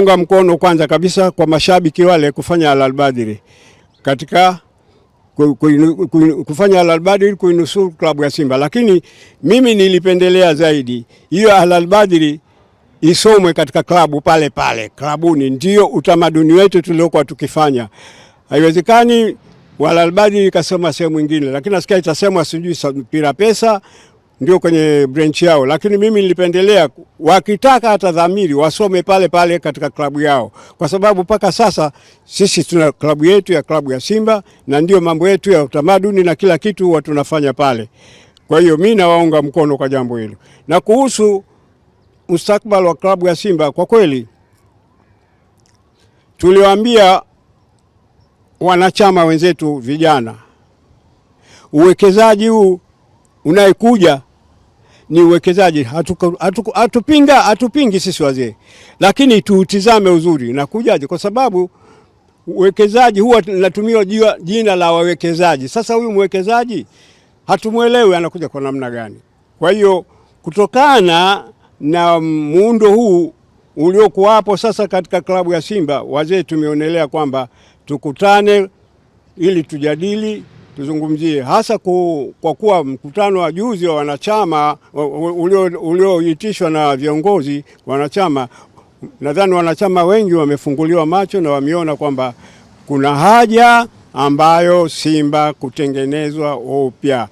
Unga mkono kwanza kabisa kwa mashabiki wale kufanya alalbadiri katika kufanya alalbadiri kuinusuru klabu ya Simba, lakini mimi nilipendelea zaidi hiyo alalbadiri isomwe katika klabu pale pale klabuni. Ndio utamaduni wetu tuliokuwa tukifanya. Haiwezekani walalbadiri ikasoma sehemu ingine, lakini nasikia itasemwa sijui mpira pesa ndio kwenye branch yao, lakini mimi nilipendelea wakitaka hata dhamiri wasome pale pale katika klabu yao, kwa sababu mpaka sasa sisi tuna klabu yetu ya klabu ya Simba na ndio mambo yetu ya utamaduni na kila kitu huwa tunafanya pale. Kwa hiyo mi nawaunga mkono kwa jambo hilo. Na kuhusu mustakbal wa klabu ya Simba, kwa kweli tuliwaambia wanachama wenzetu vijana, uwekezaji huu unayekuja ni uwekezaji, hatupinga hatupingi sisi wazee, lakini tuutizame uzuri na kujaje, kwa sababu uwekezaji huwa natumiwa jina la wawekezaji. Sasa huyu mwekezaji hatumwelewi anakuja kwa namna gani? Kwa hiyo kutokana na muundo huu uliokuwapo sasa katika klabu ya Simba, wazee tumeonelea kwamba tukutane ili tujadili tuzungumzie hasa ku, kwa kuwa mkutano wa juzi wa wanachama ulioitishwa na viongozi wanachama, nadhani wanachama wengi wamefunguliwa macho na wameona kwamba kuna haja ambayo Simba kutengenezwa upya